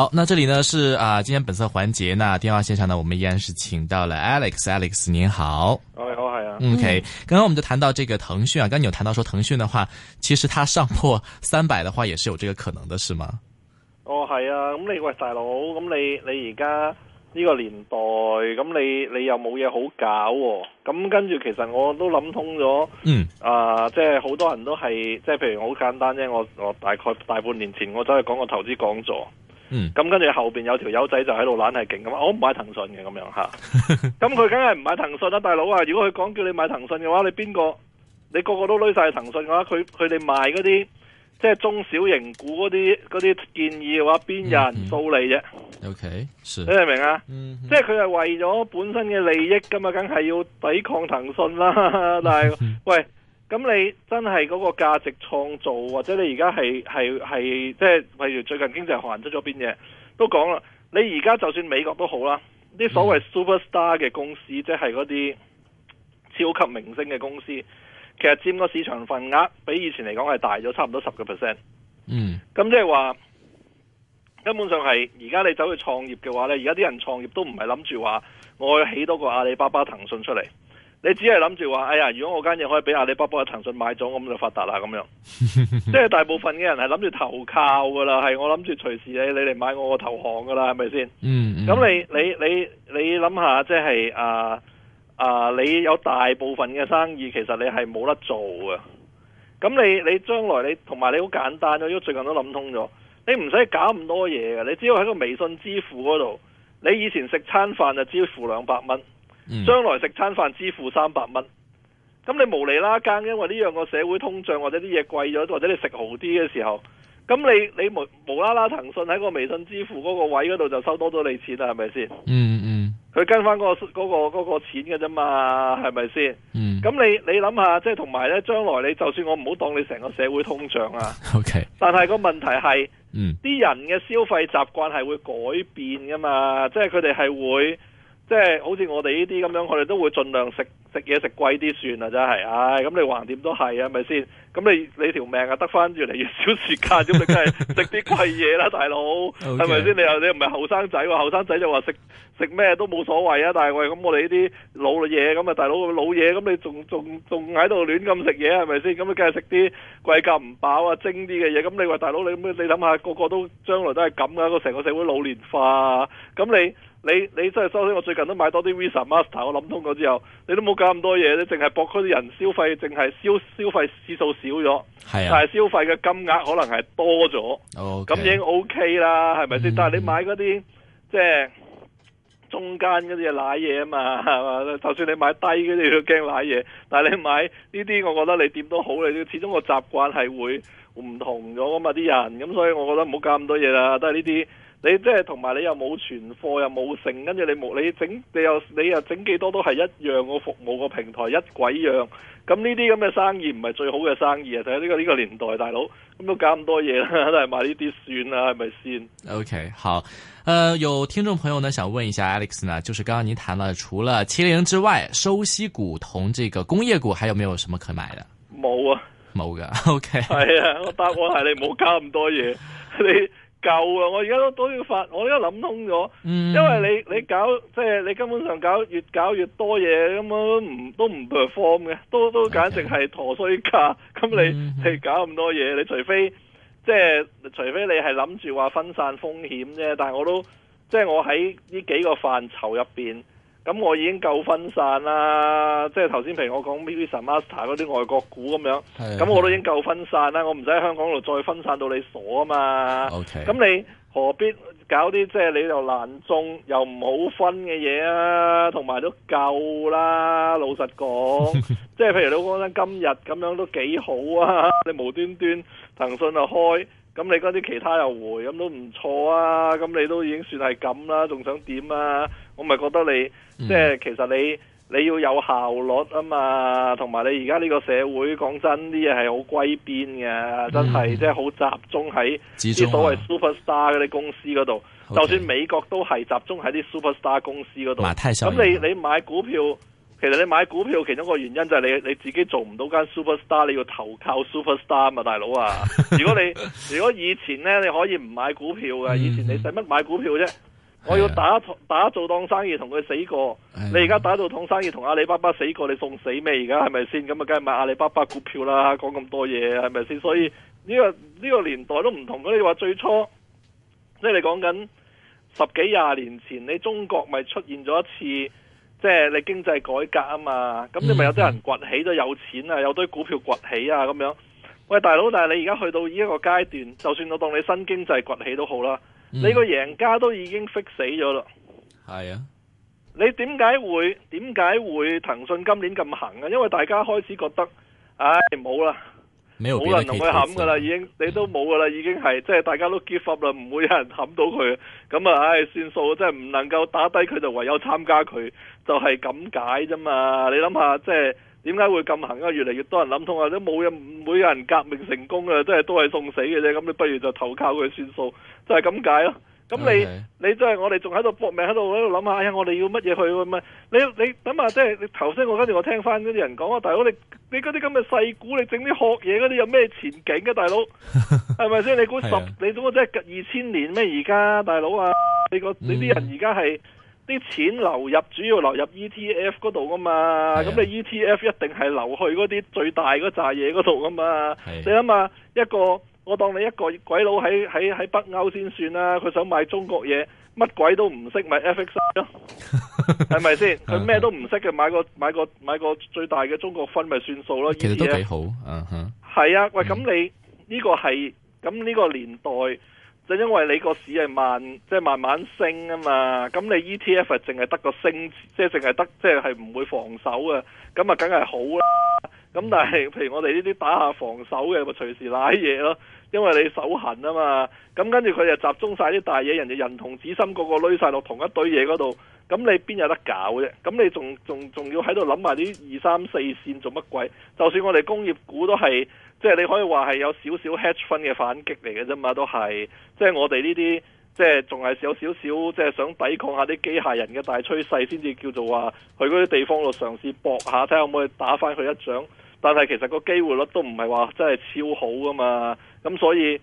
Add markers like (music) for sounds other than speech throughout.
好，那這裏呢是啊、呃，今天本色環節呢，電話線上呢，我們依然是請到了 Alex，Alex，您 Alex，好，我你好，係、哦、啊，OK，、嗯、剛剛我們就談到這個騰訊啊，剛，剛你有談到說騰訊的話，其實它上破三百的話也是有這個可能的，是嗎？哦，係啊，咁你喂大佬，咁你你而家呢個年代，咁你你又冇嘢好搞、哦，咁跟住其實我都諗通咗，嗯，啊、呃，即係好多人都係，即係譬如好簡單啫，我我大概大半年前我走去講個投資講座。嗯，咁跟住後邊有條友仔就喺度懶係勁咁，我唔買騰訊嘅咁樣吓，咁佢梗係唔買騰訊啦，大佬啊！如果佢講叫你買騰訊嘅話，你邊個？你個個都攞晒騰訊嘅話，佢佢哋賣嗰啲即係中小型股嗰啲嗰啲建議嘅話，邊有人倒你啫？OK，、嗯嗯、你明唔明啊？即係佢係為咗本身嘅利益噶嘛，梗係要抵抗騰訊啦。但係 (laughs) 喂。咁你真係嗰個價值創造，或者你而家係係係即係，例如最近經濟學人出咗邊嘢都講啦。你而家就算美國都好啦，啲所謂 super star 嘅公司，即係嗰啲超級明星嘅公司，其實佔個市場份額比以前嚟講係大咗差唔多十個 percent。嗯，咁即係話根本上係而家你走去創業嘅話咧，而家啲人創業都唔係諗住話我去起多個阿里巴巴、騰訊出嚟。你只係諗住話，哎呀，如果我間嘢可以俾阿里巴巴嘅騰訊買咗，咁就發達啦咁樣。即 (laughs) 係大部分嘅人係諗住投靠噶啦，係我諗住隨時你你嚟買我個投行噶啦，係咪先？咁、嗯嗯、你你你你諗下，即係啊啊，你有大部分嘅生意，其實你係冇得做㗎。咁你你將來你同埋你好簡單咯，因為最近都諗通咗。你唔使搞咁多嘢嘅，你只要喺個微信支付嗰度，你以前食餐飯就只要付兩百蚊。嗯、將來食餐飯支付三百蚊，咁你無厘啦更，因為呢樣個社會通脹或者啲嘢貴咗，或者你食豪啲嘅時候，咁你你無無啦啦，騰訊喺個微信支付嗰個位嗰度就收多咗你錢啦，係咪先？嗯嗯，佢跟翻嗰個嗰個嗰個錢嘅啫嘛，係咪先？嗯，咁你你諗下，即係同埋呢，將來你就算我唔好當你成個社會通脹啊，OK，但係個問題係，啲、嗯、人嘅消費習慣係會改變噶嘛，即係佢哋係會。即係好似我哋呢啲咁樣，我哋都會盡量食食嘢食貴啲算啦，真係，唉，咁你橫掂都係啊，係咪先？咁你你條命啊，得翻越嚟越少時間，咁你梗係食啲貴嘢啦、 (laughs) okay.，大佬，係咪先？你又你唔係後生仔喎，後生仔就話食食咩都冇所謂啊，但係喂，我哋咁我哋呢啲老嘢咁啊，大佬老嘢咁你仲仲仲喺度亂咁食嘢，係咪先？咁你梗係食啲貴價唔飽啊，精啲嘅嘢。咁你話大佬，你你諗下，個個都將來都係咁㗎，個成個社會老年化，咁你。你你真係收咧。我最近都買多啲 Visa、Master，我諗通過之後，你都冇搞咁多嘢，你淨係博嗰啲人消費，淨係消消費次數少咗，係啊，但係消費嘅金額可能係多咗，咁，okay. 已經 O K 啦，係咪先？但係你買嗰啲即係中間嗰啲嘢，瀨嘢啊嘛，係嘛？就算你買低嗰啲都驚瀨嘢，但係你買呢啲，我覺得你點都好，你始終個習慣係會唔同咗噶嘛，啲人咁，所以我覺得唔好搞咁多嘢啦，都係呢啲。你即係同埋你又冇存貨又冇剩，跟住你冇你整你又你又整幾多都係一樣，個服務個平台一鬼樣，咁呢啲咁嘅生意唔係最好嘅生意啊！就係呢個呢、呢個年代，大佬咁都搞咁多嘢啦，都係買呢啲算啦，係咪先？OK，好，誒、呃，有聽眾朋友呢想問一下 Alex 呢，就是剛剛您談啦，除咗麒麟之外，收息股同這個工業股，還有沒有什麼可買的？冇啊，冇噶。OK，係啊，我答案係你冇搞咁多嘢，你。夠啊！我而家都都要發，我而家諗通咗、嗯，因為你你搞即係、就是、你根本上搞越搞越多嘢根本都唔都唔 perform 嘅，都都，都簡直係陀衰家。咁你你搞咁多嘢，你除非即係、就是、除非你係諗住話分散風險啫，但係我都即係、就是、我喺呢幾個範疇入邊。咁我已經夠分散啦，即係頭先譬如我講 Visa、Master 嗰啲外國股咁樣，咁我都已經夠分散啦，我唔使喺香港度再分散到你傻啊嘛。咁、okay、你何必搞啲即係你又難中又唔好分嘅嘢啊？同埋都夠啦，老實講， (laughs) 即係譬如你講緊今日咁樣都幾好啊！你無端端騰訊又開，咁你嗰啲其他又回，咁都唔錯啊！咁你都已經算係咁啦，仲想點啊？我咪覺得你即係其實你你要有效率啊嘛，同埋你而家呢個社會講真啲嘢係好歸邊嘅，真係、嗯、即係好集中喺啲所謂、啊、super star 嗰啲公司嗰度。Okay, 就算美國都係集中喺啲 super star 公司嗰度。咁、啊、你你買股票，其實你買股票其中一個原因就係你你自己做唔到間 super star，你要投靠 super star 啊嘛，大佬啊！ (laughs) 如果你如果以前呢，你可以唔買股票嘅，以前你使乜買股票啫？嗯嗯我要打打做檔生意同佢死過，你而家打做檔生意同阿里巴巴死過，你送死未？而家係咪先咁啊？梗係買阿里巴巴股票啦！講咁多嘢係咪先？所以呢個呢個年代都唔同。你話最初，即係你講緊十幾廿年前，你中國咪出現咗一次，即係你經濟改革啊嘛？咁你咪有啲人崛起咗有錢啊，有堆股票崛起啊咁樣。喂，大佬，但係你而家去到呢一個階段，就算我當你新經濟崛起都好啦。嗯、你個贏家都已經息死咗啦，係啊！你點解會點解會騰訊今年咁行啊？因為大家開始覺得，唉冇啦，冇人同佢冚噶啦，已經你都冇噶啦，已經係即係大家都 give up 啦，唔會有人冚到佢，咁啊唉算數，即係唔能夠打低佢就唯有參加佢，就係咁解啫嘛！你諗下，即係點解會咁行啊？越嚟越多人諗通，或者冇人，每個人革命成功啊，即係都係送死嘅啫，咁你不如就投靠佢算數。就係咁解咯。咁你、okay. 你真係我哋仲喺度搏命喺度喺度諗下，哎呀，我哋要乜嘢去咁啊， (laughs) 啊？你你諗下，即係你頭先我跟住我聽翻嗰啲人講啊。大佬你你嗰啲咁嘅細股，你整啲學嘢嗰啲有咩前景嘅？大佬係咪先？你估十你估個真係二千年咩？而家大佬啊，你個你啲人而家係啲錢流入主要流入 ETF 嗰度噶嘛？咁、啊、你 ETF 一定係流去嗰啲最大嗰扎嘢嗰度噶嘛？啊、你諗下一個。我當你一個鬼佬喺喺北歐先算啦、啊，佢想買中國嘢，乜鬼都唔識咪 FX 咯，係咪先？佢咩都唔識嘅，買個買個買個最大嘅中國分咪算數咯？其實都幾好啊！係、uh-huh. 啊，喂，咁你呢個係咁呢個年代，就因為你個市係慢，即、就、係、係、慢慢升啊嘛。咁你 ETF 淨係得個升，即係淨係得，即係唔會防守啊。咁啊，梗係好啦。咁但係，譬如我哋呢啲打下防守嘅，咪隨時瀨嘢咯。因為你手痕啊嘛，咁跟住佢就集中晒啲大嘢，人哋人同子心個個攞晒落同一堆嘢嗰度，咁你邊有得搞啫？咁你仲仲仲要喺度諗埋啲二三四線做乜鬼？就算我哋工業股都係，即係你可以話係有少少 hedge fund 嘅反擊嚟嘅啫嘛，都係即係我哋呢啲。即係仲係有少少，即係想抵抗下啲機械人嘅大趨勢，先至叫做話去嗰啲地方度嘗試搏下，睇下可唔可以打翻佢一掌。但係其實個機會率都唔係話真係超好噶嘛。咁所以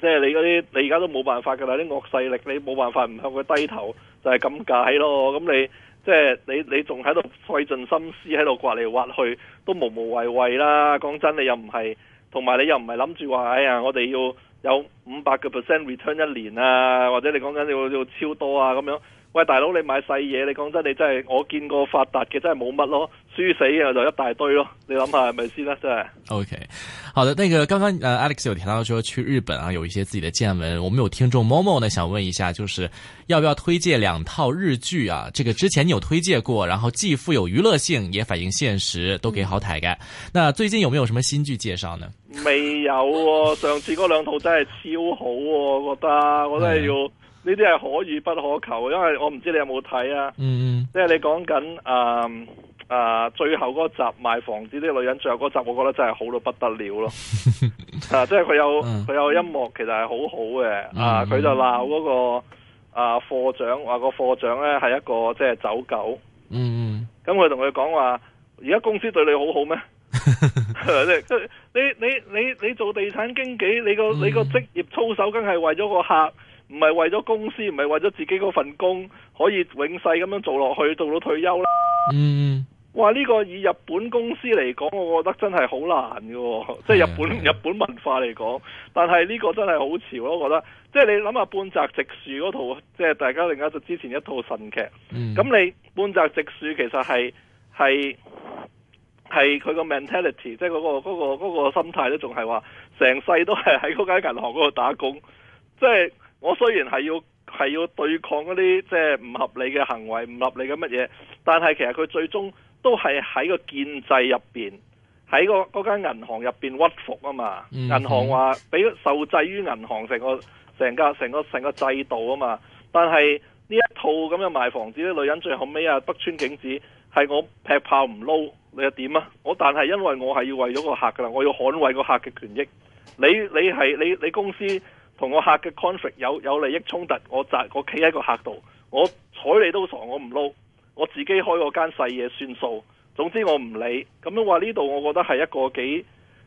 即係你嗰啲，你而家都冇辦法噶啦。啲惡勢力你冇辦法唔向佢低頭，就係咁解咯。咁你即係你你仲喺度費盡心思喺度刮嚟刮去，都無無謂謂啦。講真，你又唔係。同埋你又唔係諗住話：“哎呀，我哋要有五百個 percent return 一年啊”，或者你講緊要要超多啊咁樣。喂，大佬，你買細嘢，你講真，你真係我見過發達嘅，真係冇乜咯，輸死嘅就一大堆咯，你諗下係咪先啦，真係。OK，好的。那個剛剛呃 Alex 有提到說去日本啊，有一些自己的見聞。我們有聽眾 Momo 呢，想問一下，就是要不要推介兩套日劇啊？這個之前你有推介過，然後既富有娛樂性，也反映現實，都幾好睇嘅、嗯。那最近有沒有什麼新劇介紹呢？未有、啊，上次嗰兩套真係超好、啊，我覺得我真係要。嗯呢啲係可遇不可求，因為我唔知你有冇睇啊？嗯、就是、嗯，即係你講緊啊啊，最後嗰集賣房子啲女人最後嗰集，我覺得真係好到不得了咯、 (laughs) 啊就是。啊，即係佢有佢有音樂，其實係好好嘅、嗯。啊，佢就鬧嗰、那個啊，課長話個課長咧係一個即係、就是、走狗。嗯嗯，咁佢同佢講話：而家公司對你好好咩？ (laughs) (laughs) 你你你你做地產經紀，你個你個職業操守梗係為咗個客。唔係為咗公司，唔係為咗自己嗰份工可以永世咁樣做落去，到到退休啦。嗯，哇呢、這個以日本公司嚟講，我覺得真係好難嘅，即係日本日本文化嚟講。但係呢個真係好潮咯，我覺得即係你諗下半澤直樹嗰套，即係大家另家就之前一套神劇。嗯，咁你半澤直樹其實係係係佢個 mentality，即係嗰、嗰個嗰、嗰個嗰個嗰個、心態咧，仲係話成世都係喺嗰間銀行嗰度打工，即係。我雖然係要係要對抗嗰啲即係唔合理嘅行為、唔合理嘅乜嘢，但係其實佢最終都係喺個建制入邊，喺個嗰間銀行入邊屈服啊嘛。銀行話俾受制於銀行成個成個成個成個成個成個制度啊嘛。但係呢一套咁樣賣房子咧，女人最後尾啊北川景子係我劈炮唔撈你又點啊？我但係因為我係要為咗個客㗎喇，我要捍衞個客嘅權益。你你係你你公司。同我客嘅 conflict 有，有利益衝突，我站我企喺個客度，我睬你都傻，我唔撈，我自己開個間細嘢算數。總之我唔理。咁樣話呢度，我覺得係一個幾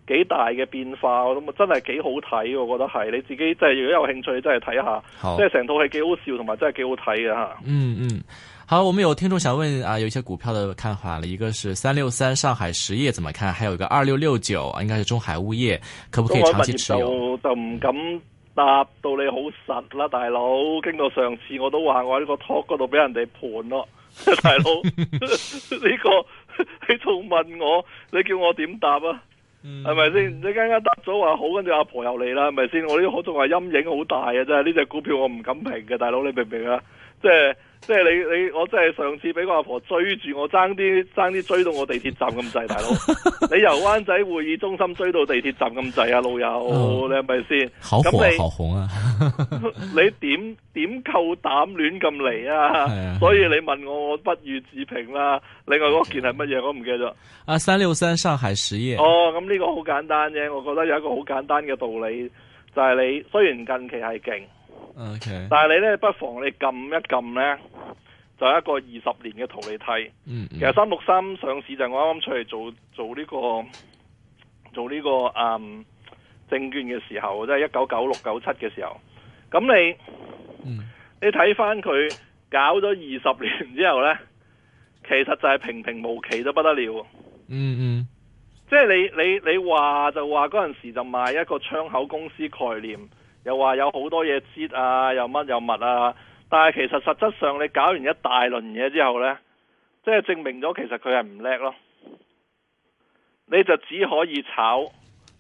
幾大嘅變化，我諗真係幾好睇。我覺得係你自己，即係如果有興趣，真係睇下，即係成套戲幾好笑，同埋真係幾好睇嘅嚇。嗯嗯，好，我們有聽眾想問啊，有一些股票的看法啦，一個是三六三上海實業怎麼看，還有一個二六六九，應該是中海物業，可不可以長期持有？就唔敢。答到你好實啦，大佬。經過上次我都話我喺個 talk 嗰度俾人哋盤咯， (laughs) 大佬。呢、這個你仲問我，你叫我點答啊？係咪先？你啱啱答咗話好，跟住阿婆又嚟啦，係咪先？我呢好仲話陰影好大嘅，真係呢隻股票我唔敢評嘅，大佬你明唔明啊？即係。即係你你我真係上次俾個阿婆追住我爭啲爭啲追到我地鐵站咁滯，大佬 (laughs) 你由灣仔會議中心追到地鐵站咁滯啊，老友、嗯、你係咪先？咁、啊、你好紅、啊、 (laughs) 你點點夠膽亂咁嚟啊？所以你問我我不予置評啦。另外嗰件係乜嘢？我唔記得咗。啊，三六三上海實業。哦，咁呢個好簡單啫。我覺得有一個好簡單嘅道理，就係、是、你雖然近期係勁。OK，但係你咧不妨你撳一撳咧，就一個二十年嘅圖嚟睇。嗯、嗯，其實三六三上市就係我啱啱出嚟做做呢個做呢個嗯證券嘅時候，即係一九九六九七嘅時候。咁你、嗯、你睇翻佢搞咗二十年之後咧，其實就係平平無奇到不得了。嗯嗯，即係你你你話就話嗰陣時就賣一個窗口公司概念。又話有好多嘢跌啊，又乜又乜啊，但係其實實質上你搞完一大輪嘢之後呢，即係證明咗其實佢係唔叻咯。你就只可以炒，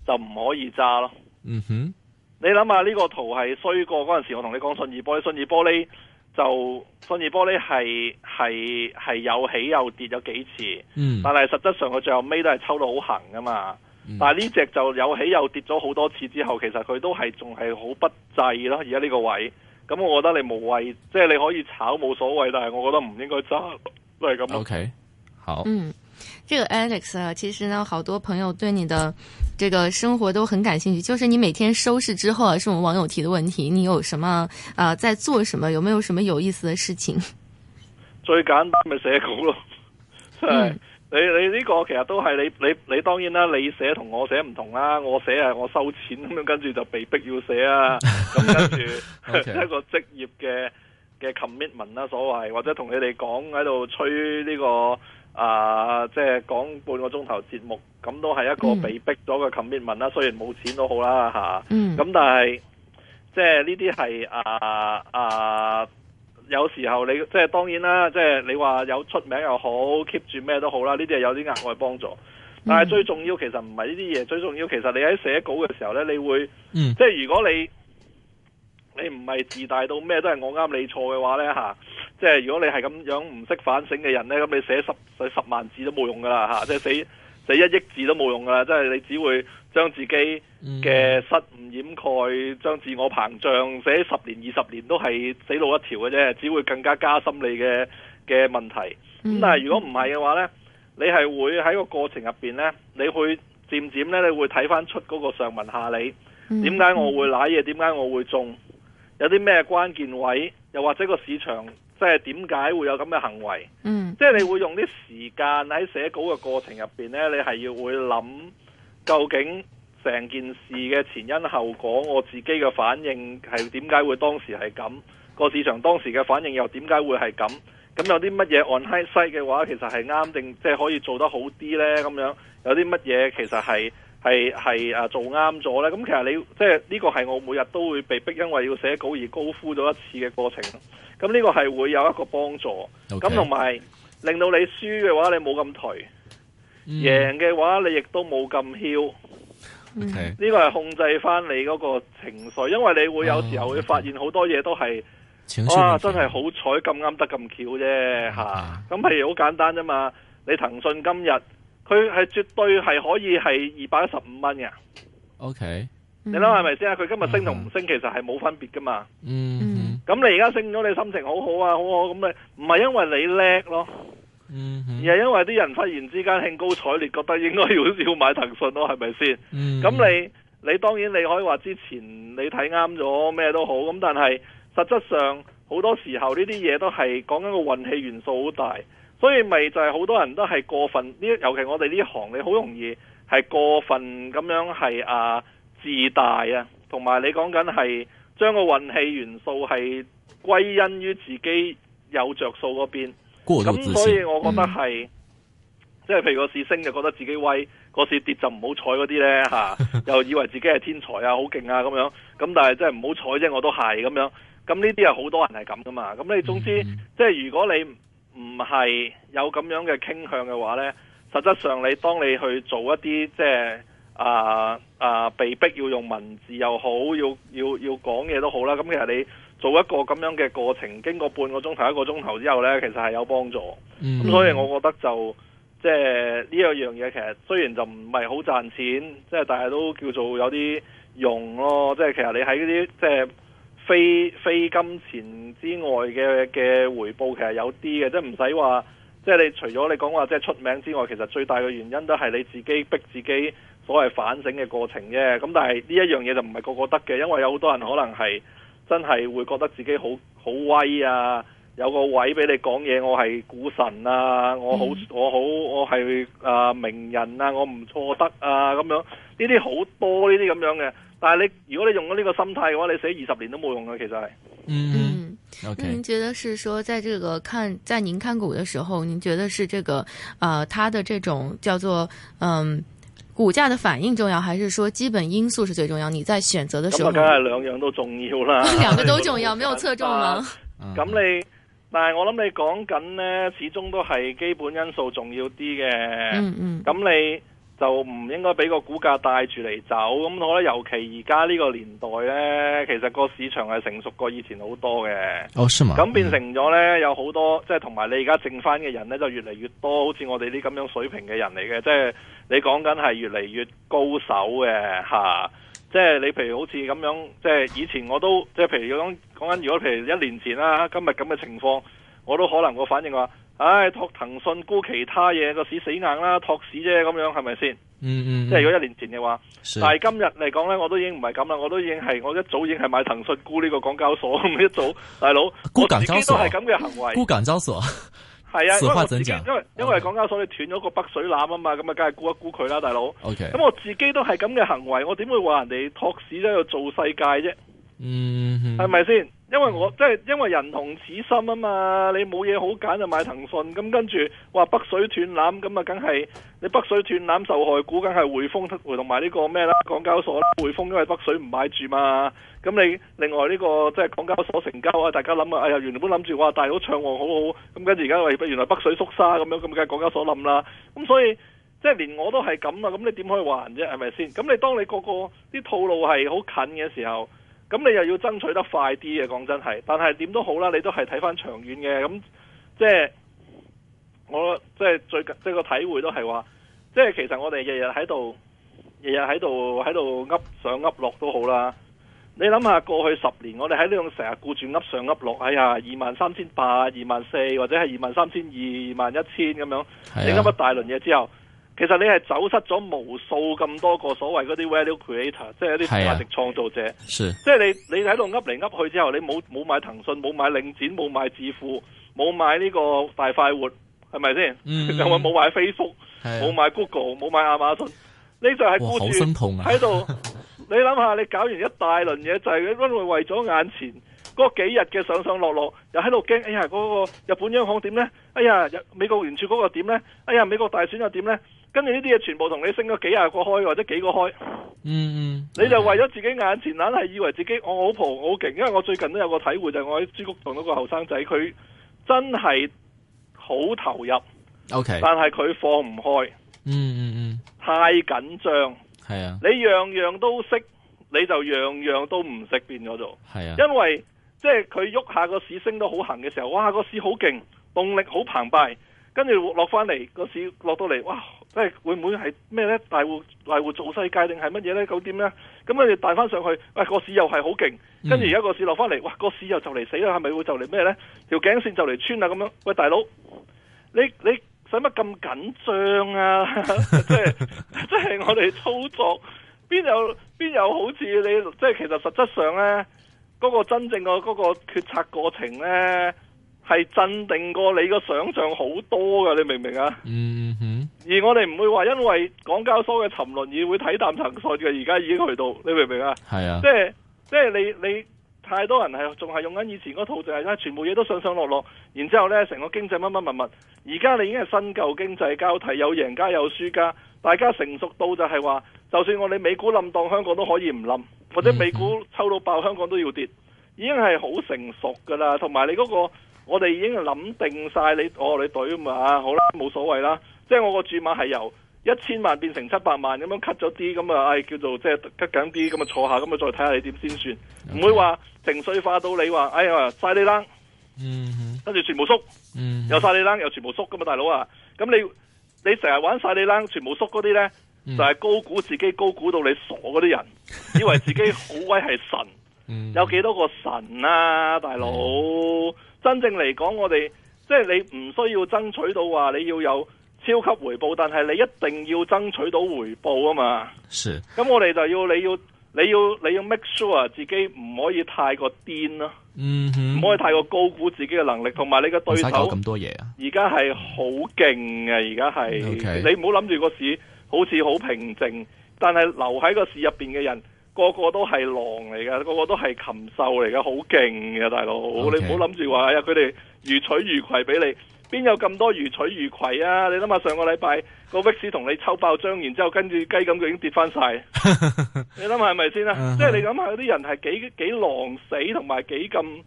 就唔可以揸咯。嗯哼。你諗下呢個圖係衰過嗰陣時，我同你講信義玻璃，信義玻璃就信義玻璃係係係有起又跌咗幾次。嗯。但係實質上佢最後尾都係抽到好行㗎嘛。嗯、但係呢隻就有起有跌咗好多次之後，其實佢都係仲係好不濟啦。而家呢個位，咁我覺得你無謂，即係你可以炒冇所謂，但係我覺得唔應該揸，都係咁。OK，好。嗯，這個 Alex 啊，其實呢好多朋友對你的這個生活都很感興趣。就是你每天收市之後，啊，是我們網友提的問題，你有什麼啊，呃、在做什麼？有沒有什麼有意思的事情？最簡單咪寫稿咯，係。你你呢個其實都係你你你當然啦，你寫同我寫唔同啦，我寫係我收錢，咁樣跟住就被逼要寫啊，咁 (laughs) 跟住著、 (laughs) okay. 一個職業嘅嘅 commitment 啦，所謂，或者同你哋講喺度吹呢、呢個啊，即係講半個鐘頭節目，咁都係一個被逼咗嘅 commitment 啦、嗯，雖然冇錢都好啦吓，咁但係即係呢啲係啊啊！嗯有時候你即係、就是、當然啦，即係你話有出名又好，keep 住咩都好啦，呢啲係有啲額外幫助。但係最重要其實唔係呢啲嘢，最重要其實你喺寫稿嘅時候呢，你會，即、嗯、係、就是、如果你你唔係自大到咩都係我啱你錯嘅話呢，吓，即係如果你係咁樣唔識反省嘅人呢，咁你寫十寫十萬字都冇用噶啦，吓、就是，即係寫寫一億字都冇用噶啦，即、就、係、是、你只會。將自己嘅失誤掩蓋，將自我膨脹，寫十年、二十年都係死路一條嘅啫，只會更加加深你嘅嘅問題。咁但係如果唔係嘅話呢，你係會喺個過程入邊呢，你會漸漸呢，你會睇翻出嗰個上文下理。點解我會瀨嘢？點解我會中？有啲咩關鍵位？又或者個市場即係點解會有咁嘅行為？嗯，即係你會用啲時間喺寫稿嘅過程入邊呢，你係要會諗。究竟成件事嘅前因後果，我自己嘅反應係點解會當時係咁？個市場當時嘅反應又點解會係咁？咁有啲乜嘢 on hindsight 嘅話其實係啱定即係可以做得好啲咧？咁樣有啲乜嘢其實係係係啊做啱咗咧？咁其實你即係呢個係我每日都會被逼因為要寫稿而高呼咗一次嘅過程。咁呢個係會有一個幫助。咁同埋令到你輸嘅話，你冇咁頹。贏、嗯、嘅話你，你亦都冇咁囂。呢個係控制翻你嗰個情緒，因為你會有時候會發現好多嘢都係，哇，真係好彩咁啱得咁巧啫吓。咁譬如好簡單啫嘛。你騰訊今日，佢係絕對係可以係二百一十五蚊嘅。O、okay, K，你諗係咪先啊？佢今日升同唔升，其實係冇分別噶嘛。嗯，咁、嗯嗯、你而家升咗，你心情好好啊，好好咁咪，唔係因為你叻咯。 (music) 而係因為啲人忽然之間興高采烈，覺得應該要要買騰訊咯，係咪先？咁 (music) 你你當然你可以話之前你睇啱咗咩都好，咁但係實質上好多時候呢啲嘢都係講緊個運氣元素好大，所以咪就係好多人都係過分呢，尤其我哋呢行你好容易係過分咁樣係啊自大啊，同埋你講緊係將個運氣元素係歸因於自己有着數嗰邊。咁所以我覺得係，即、嗯、係譬如個市升就覺得自己威，個市跌就唔好彩嗰啲呢。吓、啊，又以為自己係天才啊，好勁啊咁樣，咁但係真係唔好彩啫，我都係咁樣，咁呢啲係好多人係咁噶嘛，咁你總之，嗯、即係如果你唔係有咁樣嘅傾向嘅話呢，實質上你當你去做一啲即係啊啊被逼要用文字又好，要要要講嘢都好啦，咁其實你。做一個咁樣嘅過程，經過半個鐘頭、一個鐘頭之後呢，其實係有幫助。咁、mm-hmm. 嗯、所以我覺得就即係呢一樣嘢，其實雖然就唔係好賺錢，即係但係都叫做有啲用咯。即係其實你喺嗰啲即係非非金錢之外嘅嘅回報，其實有啲嘅，即係唔使話即係你除咗你講話即係出名之外，其實最大嘅原因都係你自己逼自己所謂反省嘅過程啫。咁但係呢一樣嘢就唔係個個得嘅，因為有好多人可能係。真係會覺得自己好好威啊！有個位俾你講嘢，我係股神啊！我好、嗯、我好我係、呃、名人啊！我唔錯得啊咁樣，呢啲好多呢啲咁樣嘅。但係你如果你用咗呢個心態嘅話，你寫二十年都冇用嘅。其實係嗯，那您、okay。覺得是說，在這個看，在您看股的時候，您覺得是這個啊、呃，他的這種叫做嗯。呃股價的反應重要，還是說基本因素是最重要？你在選擇的時候，咁梗係兩樣都重要啦， (laughs) 兩個都重要， (laughs) 沒有側重啦。咁你，但係我諗你講緊呢，始終都係基本因素重要啲嘅。嗯嗯，咁你。就唔應該俾個股價帶住嚟走，咁我覺得尤其而家呢個年代呢，其實個市場係成熟過以前好多嘅，咁、哦、變成咗呢，有好多即係同埋你而家剩翻嘅人呢，就越嚟越多，好似我哋啲咁樣水平嘅人嚟嘅，即係你講緊係越嚟越高手嘅吓、啊、即係你譬如好似咁樣，即係以前我都即係譬如講講緊，如果譬如一年前啦，今日咁嘅情況。我都可能我反應話，唉、哎，托騰訊沽其他嘢個市死硬啦，托市啫咁樣，係咪先？嗯嗯，嗯，即係如果一年前嘅話，但係今日嚟講咧，我都已經唔係咁啦，我都已經係我一早已經係買騰訊沽呢個港交所咁 (laughs) 一早，大佬沽港交所，沽港交所，係 (laughs) 啊，因為自己因為因為港交所你斷咗個北水纜啊嘛，咁啊梗係沽一沽佢啦，大佬。O K，咁我自己都係咁嘅行為，我點會話人哋托市喺度做世界啫？嗯，係咪先？因為我即係、就是、因為人同此心啊嘛，你冇嘢好揀就買騰訊，咁跟住話北水斷纜，咁啊梗係你北水斷纜受害股，梗係匯豐同埋呢個咩啦？港交所匯豐，因為北水唔買住嘛，咁你另外呢、這個即係、就是、港交所成交啊，大家諗啊，哎呀原本諗住哇大佬暢旺好好，咁跟住而家喂原來北水縮沙咁樣，咁梗係港交所冧啦。咁所以即係、就是、連我都係咁啊，咁你點可以話人啫？係咪先？咁你當你個個啲套路係好近嘅時候。咁你又要爭取得快啲嘅，講真係。但係點都好啦，你都係睇翻長遠嘅。咁即係我即係最近即係個體會都係話，即係其實我哋日日喺度，日日喺度喺度噏上噏落都好啦。你諗下過去十年，我哋喺呢度成日顧住噏上噏落，哎呀二萬三千八、二萬四或者係二萬三千二、二萬一千咁樣，整咁、啊、一大輪嘢之後。其實你係走失咗無數咁多個所謂嗰啲 value creator，即係一啲價值創造者，是啊、是即係你你喺度噏嚟噏去之後，你冇冇買騰訊，冇買領展，冇買字庫，冇買呢個大快活，係咪先？又話冇買 Facebook，冇、啊、買 Google，冇買亞馬遜，你就係沽住喺度。啊、 (laughs) 你諗下，你搞完一大輪嘢，就係、是、因為為咗眼前嗰幾日嘅上上落落，又喺度驚，哎呀嗰、那個日本央行點呢？哎呀，美國聯儲嗰個點呢？哎呀，美國大選又點呢？」跟住呢啲嘢全部同你升咗幾廿個開或者幾個開，嗯嗯，你就為咗自己眼前眼係、嗯、以為自己我好蒲我好勁，因為我最近都有個體會就係、我喺珠谷同到個後生仔，佢真係好投入，OK，但係佢放唔開，嗯嗯嗯，太緊張，係啊，你樣樣都識，你就樣樣都唔識變咗做，係啊，因為即係佢喐下個市升得好行嘅時候，哇，個市好勁，動力好澎湃。跟住落翻嚟個市落到嚟，哇！即係會唔會係咩呢？大戶大戶做世界定係乜嘢呢？咁點呢？咁你帶翻上去，喂、哎、個市又係好勁，跟住而家個市落翻嚟，哇！個市又就嚟死啦，係咪會就嚟咩呢？條頸線就嚟穿啦咁樣。喂，大佬，你你使乜咁緊張啊？即係即係我哋操作，邊有邊有好似你即係其實實質上呢，嗰、那個真正嘅嗰、那個決策過程呢。係鎮定過你個想象好多噶，你明唔明啊？嗯哼，而我哋唔會話因為港交所嘅沉淪而會睇淡騰訊嘅，而家已經去到，你明唔明啊？係啊，即係即係你你太多人係仲係用緊以前嗰套，就係全部嘢都上上落落，然之後呢成個經濟乜乜乜物，而家你已經係新舊經濟交替，有贏家有輸家，大家成熟到就係話，就算我哋美股冧檔，香港都可以唔冧，或者美股抽到爆，香港都要跌，已經係好成熟噶啦，同埋你嗰個。我哋已經諗定晒你我、哦、你隊啊嘛，好啦，冇所謂啦。即係我個注碼係由一千萬變成七百萬咁樣 cut 咗啲，咁啊，誒、哎，叫做即係 cut 緊啲，咁啊，咪坐下，咁啊，再睇下你點先算，唔、okay，會話情緒化到你話，哎呀，晒你冷，嗯，跟住全部縮，嗯、mm-hmm，又晒你冷，又全部縮咁嘛，大佬啊，咁你你成日玩晒你冷，全部縮嗰啲呢，mm-hmm 就係高估自己，高估到你傻嗰啲人，以為自己好鬼係神， (laughs) 有幾多個神啊，大佬？Mm-hmm. 真正嚟講，我哋即係你唔需要爭取到話你要有超級回報，但係你一定要爭取到回報啊嘛。是。咁我哋就要你要你要你要 make sure 自己唔可以太過癲咯啊。嗯。唔可以太過高估自己嘅能力，同埋你嘅對手。唔使搞咁多嘢啊！而家係好勁啊，而家係。你唔好諗住個市好似好平靜，但係留喺個市入邊嘅人。個個都係狼嚟噶，個個都係禽獸嚟噶，好勁㗎大佬，okay. 你唔好諗住話呀，哎，佢哋如取如葵俾你，邊有咁多如取如葵啊？你諗下上個禮拜、那個 Vix 同你抽爆張，然之後跟住雞咁佢已經跌翻晒， (laughs) 你諗下係咪先啊？Uh-huh. 即係你諗下嗰啲人係幾幾狼死，同埋幾咁。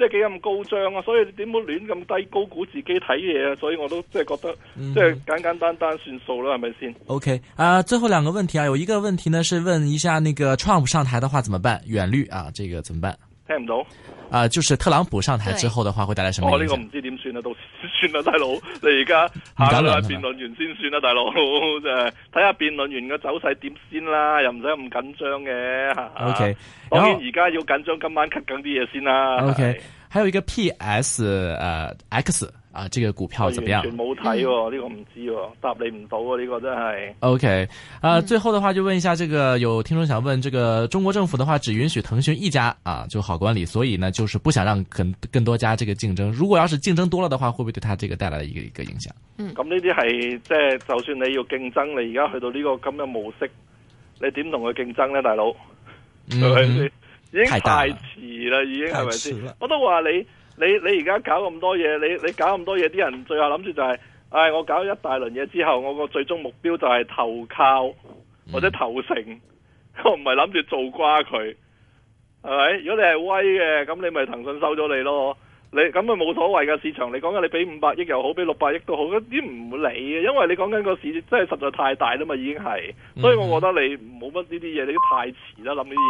即係幾咁高漲啊，所以你點會亂咁低高估自己睇嘢啊？所以我都即係覺得即係簡簡單單，單算數啦，係咪先？OK，啊、呃，最後兩個問題啊，有一個問題呢，是問一下那個 Trump 上台的話怎麼辦？遠慮啊，這個怎麼辦？聽唔到？啊、呃，就是特朗普上台之後的話，會帶來什麼？我、哦、呢、這個唔知點算啦，到時算啦，大佬，你而家下個辯論完先算啦，大佬，誒，睇下辯論員嘅走勢點先啦，又唔使咁緊張嘅。OK，我見而家要緊張，今晚吸緊啲嘢先啦。O、okay, K，還有一個 P S，誒、呃、，X。啊，這個股票怎麼樣？完全冇睇，呢、嗯，這個唔知，答你唔到啊！呢、這個真係。O K，啊，最後的話就問一下，這個有聽眾想問，這個中國政府的話只允許騰訊一家啊，就好管理，所以呢，就是不想讓更更多家這個競爭。如果要是競爭多了的話，會不會對他這個帶來一個一個影響？嗯，咁呢啲係即係，就是、就算你要競爭，你而家去到呢個咁嘅模式，你點同佢競爭呢大佬？係咪先？ (laughs) 已經太遲啦，已經係咪先？我都話你。你你而家搞咁多嘢，你搞你，你搞咁多嘢，啲人最後諗住就係，是，唉、哎，我搞一大輪嘢之後，我個最終目標就係投靠或者投誠，我唔係諗住做瓜佢，係咪？如果你係威嘅，咁你咪騰訊收咗你咯。你咁咪冇所謂嘅市場，你講緊你俾五百億又好，俾六百億都好，一啲唔會理嘅，因為你講緊個市值真係實在太大啦嘛，已經係。所以我覺得你冇乜呢啲嘢，你都太遲啦，諗呢啲嘢。